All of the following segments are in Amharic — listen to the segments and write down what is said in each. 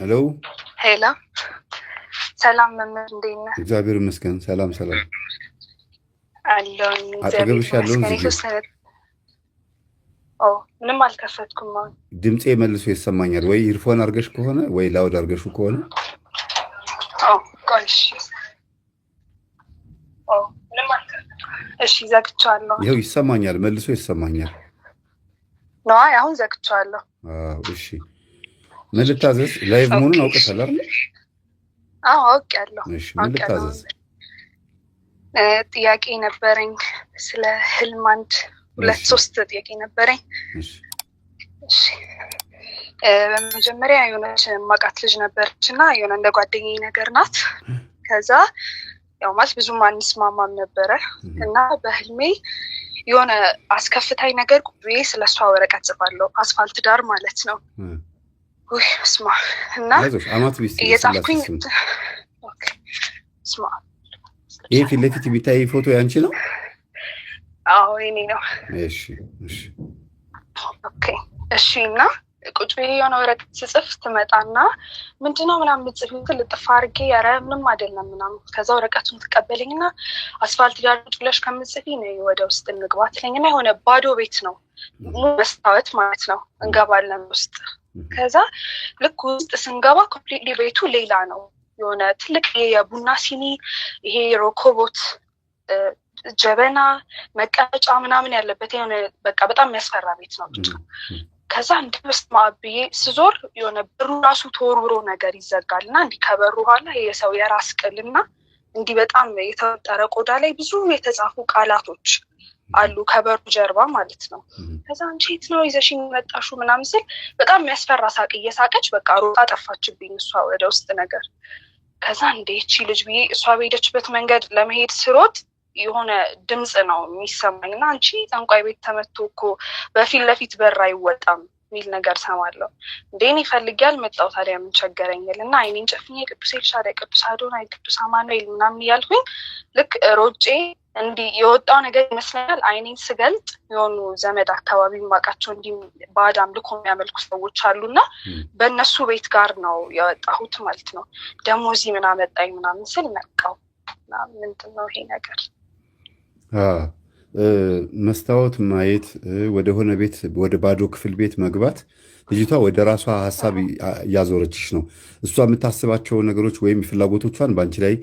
ሄሎ ሄሎ። ሰላም መምህር፣ እንዴት ነህ? እግዚአብሔር ይመስገን። ሰላም ሰላም። አጠገብሽ ያለውን ምንም አልከፈትኩም። አሁን ድምፄ መልሶ ይሰማኛል ወይ? ኢርፎን አድርገሽ ከሆነ ወይ ላውድ አድርገሹ ከሆነ እሺ፣ ዘግቼዋለሁ። ይኸው ይሰማኛል፣ መልሶ ይሰማኛል። ነዋ፣ አሁን ዘግቼዋለሁ። እሺ ምን ልታዘዝ? ላይቭ መሆኑን አውቀሻል? አውቄያለሁ። ምን ልታዘዝ? ጥያቄ ነበረኝ ስለ ህልም። አንድ ሁለት ሶስት ጥያቄ ነበረኝ። በመጀመሪያ የሆነች ማቃት ልጅ ነበረች እና የሆነ እንደ ጓደኛ ነገር ናት። ከዛ ያው ማለት ብዙም አንስማማም ነበረ እና በህልሜ የሆነ አስከፍታኝ ነገር ቁቤ ስለሷ ወረቀት ጽፋለሁ። አስፋልት ዳር ማለት ነው ወይ ይህ ፊት ለፊት የሚታይ ፎቶ ያንቺ ነው? አዎ ነው። እሺ እሺ፣ እሺ እና ቁጭ ብዬ የሆነ ወረቀት ስጽፍ ትመጣና ምንድነው ምናምን ምጽፍ ልጥፋ አርጌ ያረ ምንም አይደለም ምናምን። ከዛ ወረቀቱን ትቀበለኝና አስፋልት ጋር ቁጭ ብለሽ ከምጽፊ ነው ወደ ውስጥ እንግባ ትለኝና የሆነ ባዶ ቤት ነው መስታወት ማለት ነው። እንገባለን ውስጥ። ከዛ ልክ ውስጥ ስንገባ ኮምፕሊትሊ ቤቱ ሌላ ነው። የሆነ ትልቅ የቡና ሲኒ ይሄ ሮኮቦት ጀበና መቀመጫ ምናምን ያለበት የሆነ በቃ በጣም የሚያስፈራ ቤት ነው ብቻ ከዛ እንደ በስመ አብ ብዬ ስዞር የሆነ በሩ ራሱ ተወርውሮ ነገር ይዘጋል እና እንዲህ ከበሩ ኋላ የሰው የራስ ቅል እና እንዲህ በጣም የተወጠረ ቆዳ ላይ ብዙ የተጻፉ ቃላቶች አሉ ከበሩ ጀርባ ማለት ነው። ከዛ አንቺ የት ነው ይዘሽ የሚመጣሹ ምናምን ስል በጣም የሚያስፈራ ሳቅ እየሳቀች በቃ ሮጣ ጠፋችብኝ እሷ ወደ ውስጥ ነገር። ከዛ እንዴ ይቺ ልጅ ብዬ እሷ በሄደችበት መንገድ ለመሄድ ስሮጥ የሆነ ድምፅ ነው የሚሰማኝ እና አንቺ ጠንቋይ ቤት ተመቶ እኮ በፊት ለፊት በር አይወጣም የሚል ነገር ሰማለሁ። እንዴን ይፈልጊያል መጣው ታዲያ ምን ቸገረኛል እና አይኔን ጨፍኜ ቅዱስ ኤልሻዳይ፣ ቅዱስ አዶናይ፣ ቅዱስ አማኑኤል ምናምን እያልኩኝ ልክ ሮጬ እንዲህ የወጣው ነገር ይመስለኛል። አይኔን ስገልጥ የሆኑ ዘመድ አካባቢ ማቃቸው እንዲህ ባዕድ አምልኮ የሚያመልኩ ሰዎች አሉ አሉና በእነሱ ቤት ጋር ነው የወጣሁት ማለት ነው። ደግሞ እዚህ ምናመጣኝ ምናምን ስል ነቃው ምንድን ነው ይሄ ነገር መስታወት ማየት፣ ወደሆነ ቤት ወደ ባዶ ክፍል ቤት መግባት ልጅቷ ወደ ራሷ ሀሳብ እያዞረችሽ ነው። እሷ የምታስባቸው ነገሮች ወይም ፍላጎቶቿን በአንቺ ላይ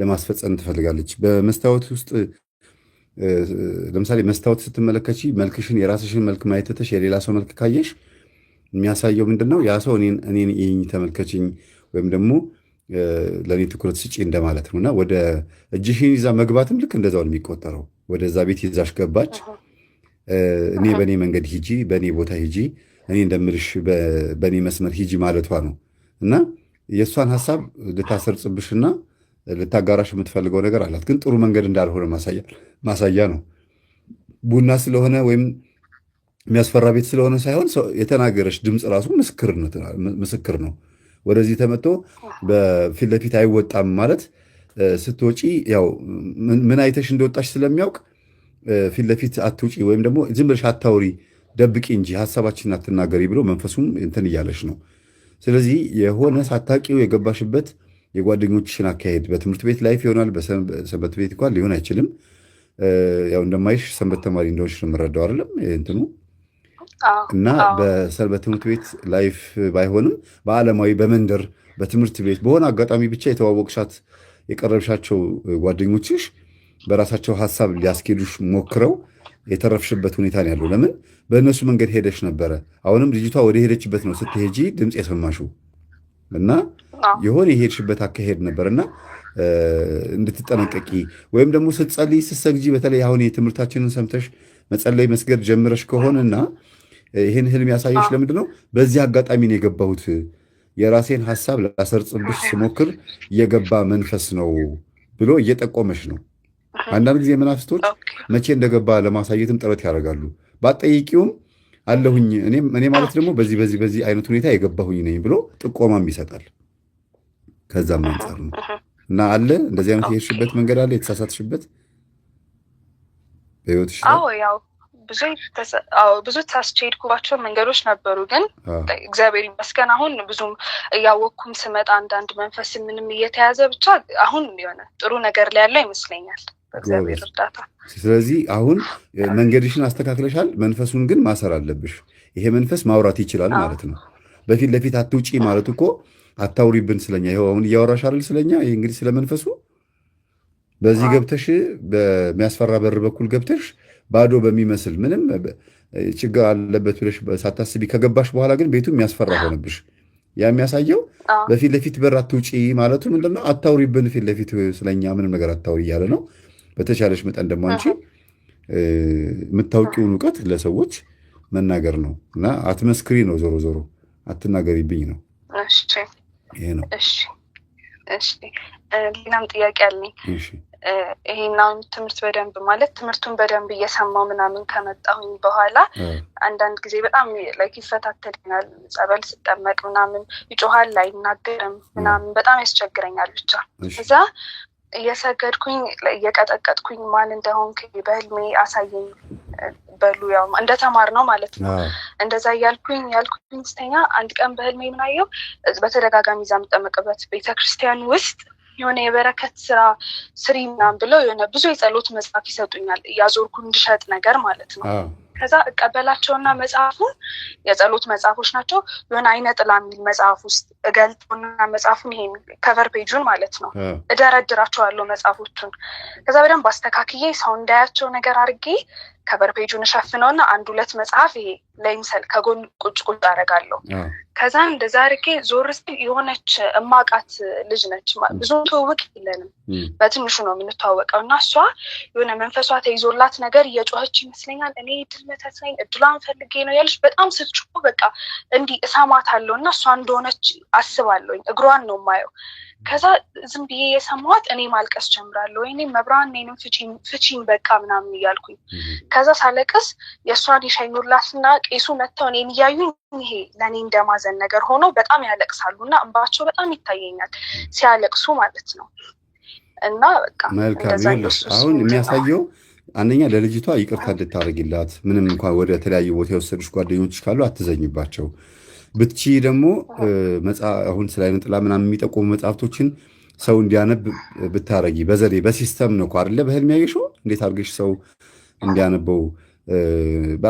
ለማስፈጸም ትፈልጋለች። በመስታወት ውስጥ ለምሳሌ መስታወት ስትመለከች መልክሽን፣ የራስሽን መልክ ማየት ትተሽ የሌላ ሰው መልክ ካየሽ የሚያሳየው ምንድን ነው? ያ ሰው እኔን ይህኝ ተመልከችኝ ወይም ደግሞ ለእኔ ትኩረት ስጪ እንደማለት ነው እና ወደ እጅሽን ይዛ መግባትም ልክ እንደዛው ነው የሚቆጠረው። ወደዛ ቤት ይዛሽ ገባች። እኔ በእኔ መንገድ ሂጂ፣ በእኔ ቦታ ሂጂ፣ እኔ እንደምልሽ በእኔ መስመር ሂጂ ማለቷ ነው እና የእሷን ሀሳብ ልታሰርጽብሽና ልታጋራሽ የምትፈልገው ነገር አላት። ግን ጥሩ መንገድ እንዳልሆነ ማሳያ ነው። ቡና ስለሆነ ወይም የሚያስፈራ ቤት ስለሆነ ሳይሆን የተናገረች ድምፅ ራሱ ምስክር ነው። ወደዚህ ተመቶ በፊት ለፊት አይወጣም ማለት ስትወጪ ያው ምን አይተሽ እንደወጣሽ ስለሚያውቅ ፊት ለፊት አትውጪ ወይም ደግሞ ዝም ብለሽ አታውሪ፣ ደብቂ እንጂ ሀሳባችን አትናገሪ ብሎ መንፈሱም እንትን እያለሽ ነው። ስለዚህ የሆነ ሳታቂው የገባሽበት የጓደኞችሽን አካሄድ በትምህርት ቤት ላይፍ ይሆናል። በሰንበት ቤት እንኳን ሊሆን አይችልም። ያው እንደማይሽ ሰንበት ተማሪ እንደሆንሽ ነው የምረዳው አይደለም እንትኑ እና በሰንበት ትምህርት ቤት ላይፍ ባይሆንም በዓለማዊ በመንደር በትምህርት ቤት በሆነ አጋጣሚ ብቻ የተዋወቅሻት የቀረብሻቸው ጓደኞችሽ በራሳቸው ሀሳብ ሊያስኬዱሽ ሞክረው የተረፍሽበት ሁኔታ ነው ያለው። ለምን በእነሱ መንገድ ሄደሽ ነበረ። አሁንም ልጅቷ ወደ ሄደችበት ነው ስትሄጂ ድምፅ የሰማሽው እና የሆነ የሄድሽበት አካሄድ ነበር እና እንድትጠነቀቂ ወይም ደግሞ ስትጸልይ ስትሰግጂ፣ በተለይ አሁን የትምህርታችንን ሰምተሽ መጸለይ መስገድ ጀምረሽ ከሆነና ይህን ህልም ያሳየሽ ለምንድን ነው በዚህ አጋጣሚ ነው የገባሁት የራሴን ሀሳብ ላሰርጽብሽ ስሞክር የገባ መንፈስ ነው ብሎ እየጠቆመሽ ነው። አንዳንድ ጊዜ መናፍስቶች መቼ እንደገባ ለማሳየትም ጥረት ያደርጋሉ። ባጠይቂውም አለሁኝ እኔ ማለት ደግሞ በዚህ በዚህ በዚህ አይነት ሁኔታ የገባሁኝ ነኝ ብሎ ጥቆማም ይሰጣል። ከዛም አንጻር ነው እና አለ እንደዚህ አይነት የሄድሽበት መንገድ አለ የተሳሳትሽበት በህይወትሽ ብዙ ታስቸሄድኩባቸው መንገዶች ነበሩ፣ ግን እግዚአብሔር ይመስገን አሁን ብዙም እያወቅኩም ስመጣ አንዳንድ መንፈስ ምንም እየተያዘ ብቻ አሁን የሆነ ጥሩ ነገር ላይ ያለው ይመስለኛል በእግዚአብሔር እርዳታ። ስለዚህ አሁን መንገድሽን አስተካክለሻል፣ መንፈሱን ግን ማሰር አለብሽ። ይሄ መንፈስ ማውራት ይችላል ማለት ነው። በፊት ለፊት አትውጪ ማለት እኮ አታውሪብን ስለኛ፣ ይኸው አሁን እያወራሽ አይደል ስለኛ። ይህ እንግዲህ ስለመንፈሱ በዚህ ገብተሽ በሚያስፈራ በር በኩል ገብተሽ ባዶ በሚመስል ምንም ችግር አለበት ብለሽ ሳታስቢ ከገባሽ በኋላ ግን ቤቱ የሚያስፈራ ሆነብሽ። ያ የሚያሳየው በፊት ለፊት በር አትውጪ ማለቱ ምንድነው? አታውሪብን፣ ፊት ለፊት ስለኛ ምንም ነገር አታውሪ እያለ ነው። በተቻለሽ መጠን ደግሞ አንቺ የምታውቂውን እውቀት ለሰዎች መናገር ነው እና አትመስክሪ ነው። ዞሮ ዞሮ አትናገሪብኝ ነው። ይሄ ነው። ሌላም ጥያቄ አለኝ። ይሄናውን ትምህርት በደንብ ማለት ትምህርቱን በደንብ እየሰማው ምናምን ከመጣሁኝ በኋላ አንዳንድ ጊዜ በጣም ላይክ ይፈታተልኛል። ጸበል ስጠመቅ ምናምን ይጮሃል፣ አይናገርም ምናምን በጣም ያስቸግረኛል። ብቻ እዛ እየሰገድኩኝ እየቀጠቀጥኩኝ ማን እንደሆንክ በህልሜ አሳየኝ በሉ ያው እንደ ተማር ነው ማለት ነው። እንደዛ እያልኩኝ ያልኩኝ ስተኛ አንድ ቀን በህልሜ ምናየው በተደጋጋሚ እዛ የምጠመቅበት ቤተክርስቲያን ውስጥ የሆነ የበረከት ስራ ስሪ ምናምን ብለው የሆነ ብዙ የጸሎት መጽሐፍ ይሰጡኛል እያዞርኩ እንድሸጥ ነገር ማለት ነው። ከዛ እቀበላቸውና መጽሐፉን የጸሎት መጽሐፎች ናቸው። የሆነ አይነ ጥላ የሚል መጽሐፍ ውስጥ እገልጦና መጽሐፉን ይሄ ከቨር ፔጁን ማለት ነው እደረድራቸዋለሁ መጽሐፎቹን። ከዛ በደንብ አስተካክዬ ሰው እንዳያቸው ነገር አድርጌ ከቨር ፔጁን እሸፍነው ና አንድ ሁለት መጽሐፍ ይሄ ለይምሰል ከጎን ቁጭ ቁጭ አደርጋለሁ። ከዛ እንደዛ አድርጌ ዞር ስል የሆነች እማቃት ልጅ ነች። ብዙ ትውውቅ የለንም፣ በትንሹ ነው የምንተዋወቀው እና እሷ የሆነ መንፈሷ ተይዞላት ነገር እየጮኸች ይመስለኛል። እኔ ድል መተት ነኝ፣ እድሏን ፈልጌ ነው ያለች። በጣም ስትጮህ በቃ እንዲህ አለው እና እሷ እንደሆነች አስባለሁኝ። እግሯን ነው ማየው ከዛ ዝም ብዬ የሰማኋት እኔ ማልቀስ ጀምራለሁ። ወይኔ መብራን እኔንም ፍቺኝ በቃ ምናምን እያልኩኝ ከዛ ሳለቅስ የእሷን ና ቄሱ መጥተው እኔን እያዩኝ ይሄ ለእኔ እንደማዘን ነገር ሆኖ በጣም ያለቅሳሉ እና እንባቸው በጣም ይታየኛል ሲያለቅሱ ማለት ነው። እና በቃ መልካም አሁን የሚያሳየው አንደኛ ለልጅቷ ይቅርታ እንድታደርግላት ምንም እንኳን ወደ ተለያዩ ቦታ የወሰዱች ጓደኞች ካሉ አትዘኝባቸው። ብትቺ ደግሞ አሁን ስለ አይነ ጥላ ምናምን የሚጠቁሙ መጽሐፍቶችን ሰው እንዲያነብ ብታረጊ በዘዴ በሲስተም ነው እኮ አይደለ? በህልም ያየሽው እንዴት አድርገሽ ሰው እንዲያነበው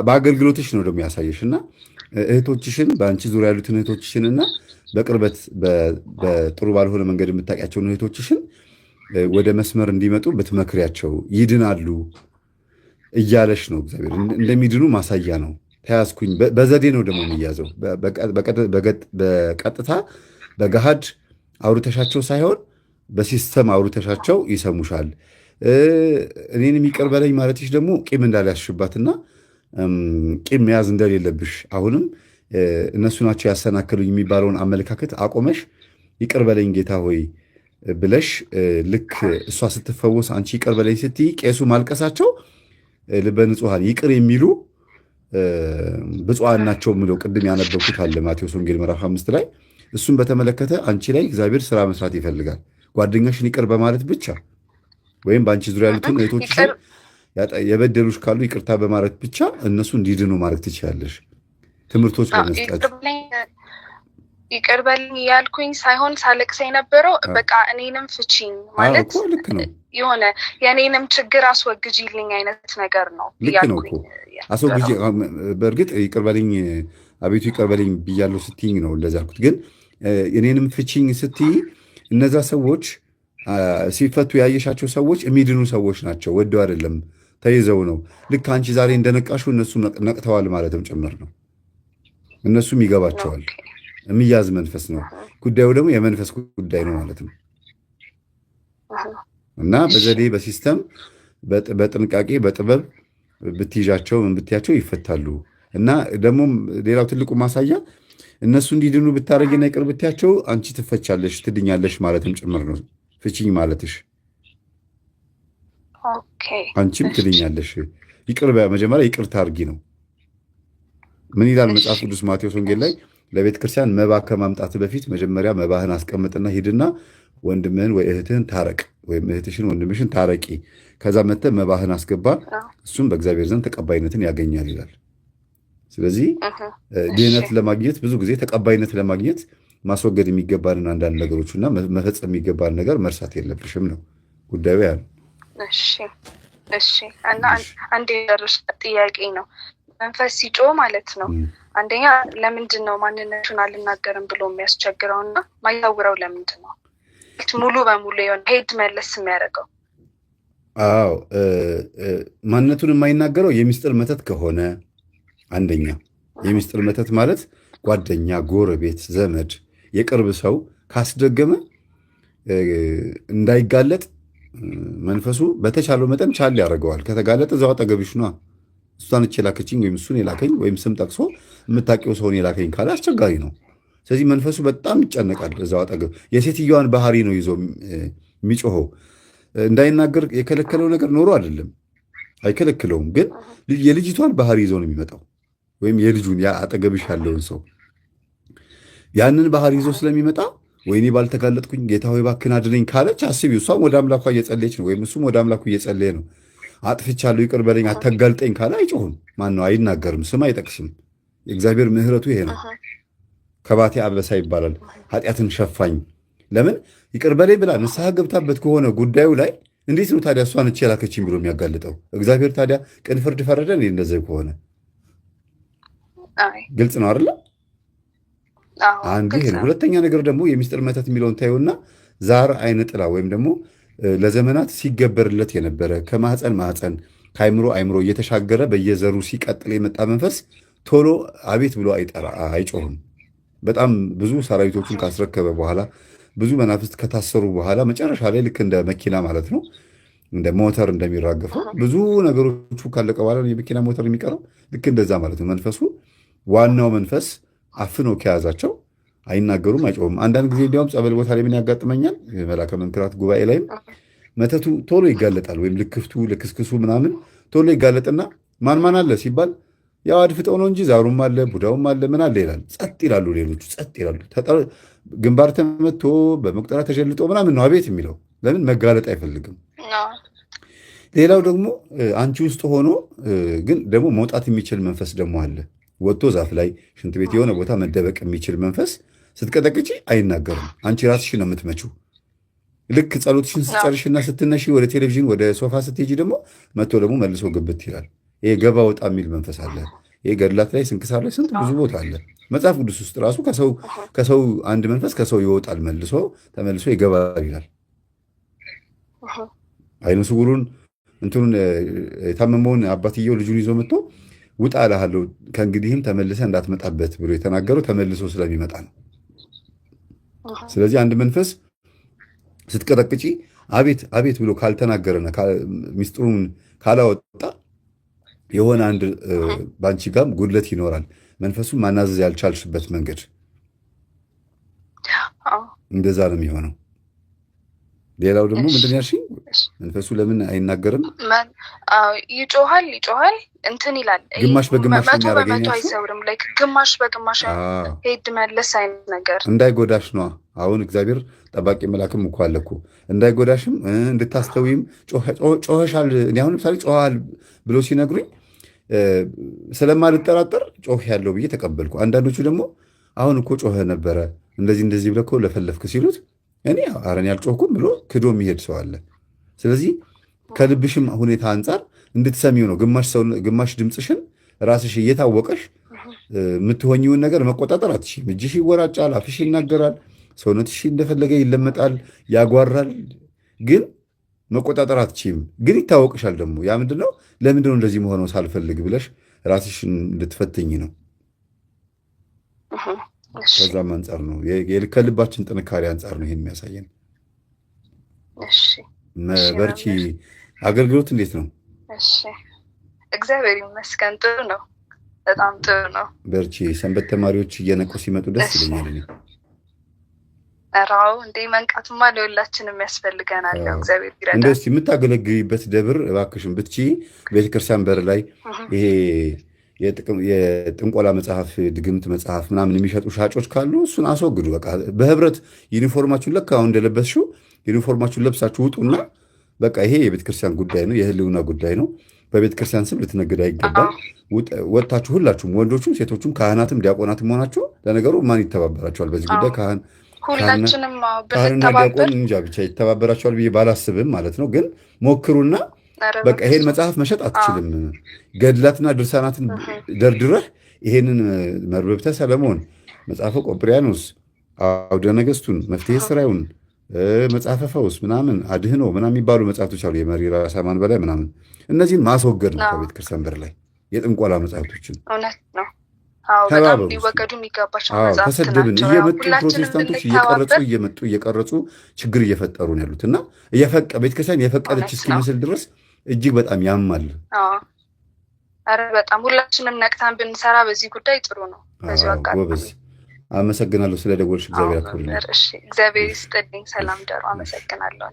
በአገልግሎትሽ ነው ደግሞ ያሳየሽ እና እህቶችሽን በአንቺ ዙሪያ ያሉትን እህቶችሽን እና በቅርበት በጥሩ ባልሆነ መንገድ የምታውቂያቸውን እህቶችሽን ወደ መስመር እንዲመጡ ብትመክሪያቸው ይድናሉ እያለሽ ነው። እግዚአብሔር እንደሚድኑ ማሳያ ነው። ተያዝኩኝ። በዘዴ ነው ደግሞ የሚያዘው። በቀጥታ በገሃድ አውርተሻቸው ሳይሆን በሲስተም አውርተሻቸው ይሰሙሻል። እኔን የሚቀር በለኝ ማለትሽ ደግሞ ቂም እንዳልያዝሽባትና ቂም መያዝ እንደሌለብሽ አሁንም እነሱ ናቸው ያሰናክሉኝ የሚባለውን አመለካከት አቆመሽ ይቅር በለኝ ጌታ ሆይ ብለሽ ልክ እሷ ስትፈወስ አንቺ ይቅር በለኝ ስትይ ቄሱ ማልቀሳቸው ልበ ንጹሐን ይቅር የሚሉ ብፁዓን ናቸው የምለው ቅድም ያነበብኩት አለ ማቴዎስ ወንጌል ምዕራፍ አምስት ላይ እሱን በተመለከተ አንቺ ላይ እግዚአብሔር ስራ መስራት ይፈልጋል። ጓደኛሽን ይቅር በማለት ብቻ ወይም በአንቺ ዙሪያ ያሉትን እህቶችሽን የበደሉሽ ካሉ ይቅርታ በማለት ብቻ እነሱ እንዲድኑ ማድረግ ትችላለሽ። ትምህርቶች በመስጠት ይቅርበልኝ ያልኩኝ ሳይሆን ሳለቅሰ የነበረው በቃ እኔንም ፍቺኝ ማለት ልክ ነው። የሆነ የእኔንም ችግር አስወግጅልኝ አይነት ነገር ነው። ልክ ነው እኮ አስወግጅ። በእርግጥ ይቅርበልኝ፣ አቤቱ ይቅርበልኝ በለኝ ብያለሁ ስትይኝ ነው እንደዛልኩት። ግን እኔንም ፍቺኝ ስትይ እነዛ ሰዎች ሲፈቱ ያየሻቸው ሰዎች የሚድኑ ሰዎች ናቸው። ወደው አይደለም ተይዘው ነው። ልክ አንቺ ዛሬ እንደነቃሹ እነሱ ነቅተዋል ማለትም ጭምር ነው። እነሱም ይገባቸዋል። የሚያዝ መንፈስ ነው ጉዳዩ ደግሞ የመንፈስ ጉዳይ ነው ማለት ነው። እና በዘዴ በሲስተም በጥንቃቄ በጥበብ ብትይዣቸው ብትያቸው ይፈታሉ። እና ደግሞ ሌላው ትልቁ ማሳያ እነሱ እንዲድኑ ብታደረግና ይቅር ብትያቸው አንቺ ትፈቻለሽ ትድኛለሽ ማለትም ጭምር ነው። ፍቺኝ ማለትሽ አንቺም ትድኛለሽ። ይቅር መጀመሪያ ይቅር ታርጊ ነው። ምን ይላል መጽሐፍ ቅዱስ ማቴዎስ ወንጌል ላይ ለቤተ ክርስቲያን መባ ከማምጣት በፊት መጀመሪያ መባህን አስቀምጥና ሂድና ወንድምህን ወይ እህትህን ታረቅ ወይም እህትሽን ወንድምሽን ታረቂ፣ ከዛ መተ መባህን አስገባ፣ እሱም በእግዚአብሔር ዘንድ ተቀባይነትን ያገኛል ይላል። ስለዚህ ድህነት ለማግኘት ብዙ ጊዜ ተቀባይነት ለማግኘት ማስወገድ የሚገባንን አንዳንድ ነገሮች እና መፈጸም የሚገባን ነገር መርሳት የለብሽም ነው ጉዳዩ ያለ። እሺ እሺ። እና አንድ የደረሰ ጥያቄ ነው። መንፈስ ሲጮ ማለት ነው። አንደኛ ለምንድን ነው ማንነቱን አልናገርም ብሎ የሚያስቸግረው እና ማይታውረው ለምንድን ነው? ሙሉ በሙሉ የሆነ ሄድ መለስ የሚያደርገው አዎ ማንነቱን የማይናገረው የሚስጥር መተት ከሆነ አንደኛ የሚስጥር መተት ማለት ጓደኛ፣ ጎረቤት፣ ዘመድ፣ የቅርብ ሰው ካስደገመ እንዳይጋለጥ መንፈሱ በተቻለው መጠን ቻል ያደርገዋል። ከተጋለጠ እዛው አጠገብሽ ነዋ። እሷን የላከችኝ ወይም እሱን የላከኝ ወይም ስም ጠቅሶ የምታውቂው ሰውን የላከኝ ካለ አስቸጋሪ ነው። ስለዚህ መንፈሱ በጣም ይጨነቃል። እዛው አጠገብ የሴትዮዋን ባህሪ ነው ይዞ የሚጮኸው። እንዳይናገር የከለከለው ነገር ኖሮ አይደለም አይከለክለውም፣ ግን የልጅቷን ባህሪ ይዞ ነው የሚመጣው ወይም የልጁን አጠገብሽ ያለውን ሰው ያንን ባህሪ ይዞ ስለሚመጣ ወይኔ ባልተጋለጥኩኝ ጌታ ሆይ እባክህን አድነኝ ካለች አስቢ። እሷም ወደ አምላኳ እየጸለየች ነው፣ ወይም እሱም ወደ አምላኩ እየጸለየ ነው። አጥፍቻለሁ ይቅር በለኝ አታጋልጠኝ ካለ አይጮሁም። ማን ነው አይናገርም፣ ስም አይጠቅስም። የእግዚአብሔር ምሕረቱ ይሄ ነው። ከባቴ አበሳ ይባላል። ኃጢአትን ሸፋኝ ለምን ይቅር በላይ ብላ ንስሐ ገብታበት ከሆነ ጉዳዩ ላይ እንዴት ነው ታዲያ እሷን እች የላከችኝ ብሎ የሚያጋልጠው? እግዚአብሔር ታዲያ ቅን ፍርድ ፈረደ? እንዴ እንደዚህ ከሆነ ግልጽ ነው አይደለ? አንድ ይሄ ነው። ሁለተኛ ነገር ደግሞ የሚስጥር መተት የሚለውን ታየውና ዛር አይነ ጥላ ወይም ደግሞ ለዘመናት ሲገበርለት የነበረ ከማህፀን ማህፀን ከአይምሮ አይምሮ እየተሻገረ በየዘሩ ሲቀጥል የመጣ መንፈስ ቶሎ አቤት ብሎ አይጮህም። በጣም ብዙ ሰራዊቶቹን ካስረከበ በኋላ ብዙ መናፍስት ከታሰሩ በኋላ መጨረሻ ላይ ልክ እንደ መኪና ማለት ነው እንደ ሞተር እንደሚራገፈው ብዙ ነገሮቹ ካለቀ በኋላ የመኪና ሞተር የሚቀረው ልክ እንደዛ ማለት ነው። መንፈሱ ዋናው መንፈስ አፍኖ ከያዛቸው አይናገሩም፣ አይጮሁም። አንዳንድ ጊዜ እንዲያውም ጸበል ቦታ ላይ ምን ያጋጥመኛል፣ መላከ መንክራት ጉባኤ ላይም መተቱ ቶሎ ይጋለጣል፣ ወይም ልክፍቱ ልክስክሱ ምናምን ቶሎ ይጋለጥና ማን ማን አለ ሲባል ያው አድፍጠው ነው እንጂ ዛሩም አለ ቡዳውም አለ ምን አለ ይላል። ጸጥ ይላሉ፣ ሌሎቹ ጸጥ ይላሉ። ግንባር ተመቶ በመቁጠራ ተሸልጦ ምናምን ነው አቤት የሚለው። ለምን መጋለጥ አይፈልግም። ሌላው ደግሞ አንቺ ውስጥ ሆኖ ግን ደግሞ መውጣት የሚችል መንፈስ ደግሞ አለ። ወጥቶ ዛፍ ላይ ሽንት ቤት የሆነ ቦታ መደበቅ የሚችል መንፈስ ስትቀጠቅጪ አይናገርም። አንቺ ራስሽን ነው የምትመችው። ልክ ጸሎትሽን ስትጨርሽና ስትነሺ ወደ ቴሌቪዥን ወደ ሶፋ ስትሄጂ ደግሞ መጥቶ ደግሞ መልሶ ግብት ይላል። ይሄ ገባ ወጣ የሚል መንፈስ አለ። ይሄ ገድላት ላይ ስንክሳር ላይ ስንት ብዙ ቦታ አለ። መጽሐፍ ቅዱስ ውስጥ ራሱ ከሰው አንድ መንፈስ ከሰው ይወጣል መልሶ ተመልሶ ይገባል ይላል። አይነ ስውሩን እንትኑን የታመመውን አባትየው ልጁን ይዞ መጥቶ ውጣ እልሃለሁ ከእንግዲህም ተመልሰ እንዳትመጣበት ብሎ የተናገረው ተመልሶ ስለሚመጣ ነው። ስለዚህ አንድ መንፈስ ስትቀጠቅጪ አቤት አቤት ብሎ ካልተናገረና ሚስጥሩን ካላወጣ የሆነ አንድ በአንቺ ጋም ጉድለት ይኖራል። መንፈሱን ማናዘዝ ያልቻልሽበት መንገድ እንደዛ ነው የሚሆነው። ሌላው ደግሞ ምንድን ያልሽኝ መንፈሱ ለምን አይናገርም? ይጮሃል ይጮሃል እንትን ይላል። ግማሽ በግማሽ ግማሽ በግማሽ ሄድ መለስ አይነት ነገር እንዳይጎዳሽ ነዋ። አሁን እግዚአብሔር ጠባቂ መላክም እኮ አለ እኮ እንዳይጎዳሽም እንድታስተውይም ጮኸሻል። እኔ አሁን ለምሳሌ ጮሃል ብሎ ሲነግሩኝ ስለማልጠራጠር ጮህ ያለው ብዬ ተቀበልኩ። አንዳንዶቹ ደግሞ አሁን እኮ ጮኸ ነበረ እንደዚህ እንደዚህ ብለህ እኮ ለፈለፍክ ሲሉት እኔ አረን እኔ ብሎ ክዶ የሚሄድ ሰው አለ። ስለዚህ ከልብሽም ሁኔታ አንጻር እንድትሰሚው ነው። ግማሽ ድምፅሽን ራስሽ እየታወቀሽ የምትሆኝውን ነገር መቆጣጠር አትችይም። እጅሽ ይወራጫል፣ አፍሽ ይናገራል፣ ሰውነትሽ እንደፈለገ ይለመጣል፣ ያጓራል ግን መቆጣጠር አትችም፣ ግን ይታወቅሻል። ደግሞ ያ ምንድን ነው? ለምንድን ነው እንደዚህ መሆነው ሳልፈልግ ብለሽ ራስሽ እንድትፈትኝ ነው። ከዛም አንጻር ነው ከልባችን ጥንካሬ አንጻር ነው ይሄን የሚያሳየን። በርቺ። አገልግሎት እንዴት ነው? እግዚአብሔር ይመስገን ጥሩ ነው፣ በጣም ጥሩ ነው። በርቺ። ሰንበት ተማሪዎች እየነቁ ሲመጡ ደስ ይለኛል። ራው እንዴ መንቃቱማ ለሁላችንም ያስፈልገናል። እግዚአብሔር ይረዳል። እንደው እስኪ የምታገለግይበት ደብር እባክሽን ብትቺ ቤተክርስቲያን በር ላይ ይሄ የጥንቆላ መጽሐፍ፣ ድግምት መጽሐፍ ምናምን የሚሸጡ ሻጮች ካሉ እሱን አስወግዱ። በቃ በህብረት ዩኒፎርማችሁን ለካ አሁን እንደለበስሽው ዩኒፎርማችሁን ለብሳችሁ ውጡና በቃ ይሄ የቤተክርስቲያን ጉዳይ ነው፣ የህልውና ጉዳይ ነው። በቤተክርስቲያን ስም ልትነግድ አይገባም። ወጥታችሁ ሁላችሁም፣ ወንዶቹም፣ ሴቶቹም፣ ካህናትም ዲያቆናትም ሆናችሁ ለነገሩ ማን ይተባበራችኋል በዚህ ጉዳይ ካህን ሁላችንም ብንተባበር እንጃ ብቻ ይተባበራቸዋል ብዬ ባላስብም ማለት ነው። ግን ሞክሩና በቃ ይሄን መጽሐፍ መሸጥ አትችልም። ገድላትና ድርሳናትን ደርድረህ ይሄንን መርበብተ ሰለሞን፣ መጽሐፈ ቆጵሪያኖስ፣ አውደ ነገስቱን፣ መፍትሄ ስራዩን መጽሐፈ ፈውስ ምናምን አድህኖ ምናምን የሚባሉ መጽሐፍቶች አሉ። የመሪ ራሳማን በላይ ምናምን እነዚህን ማስወገድ ነው ከቤተክርስቲያን በር ላይ የጥንቆላ መጽሐፍቶችን እውነት ነው። ተባበሩ። ተሰደብን እየመጡ ፕሮቴስታንቶች እየቀረጹ እየመጡ እየቀረጹ ችግር እየፈጠሩ ነው ያሉት እና ቤተክርስቲያን የፈቀደች እስኪመስል ድረስ እጅግ በጣም ያማል። ኧረ በጣም ሁላችንም ነቅታን ብንሰራ በዚህ ጉዳይ ጥሩ ነው። በዚ አጋጣሚ አመሰግናለሁ ስለ ደወልሽ። እግዚአብሔር ያክብርልኝ። እግዚአብሔር ይስጥልኝ። ሰላም ደሩ። አመሰግናለሁ።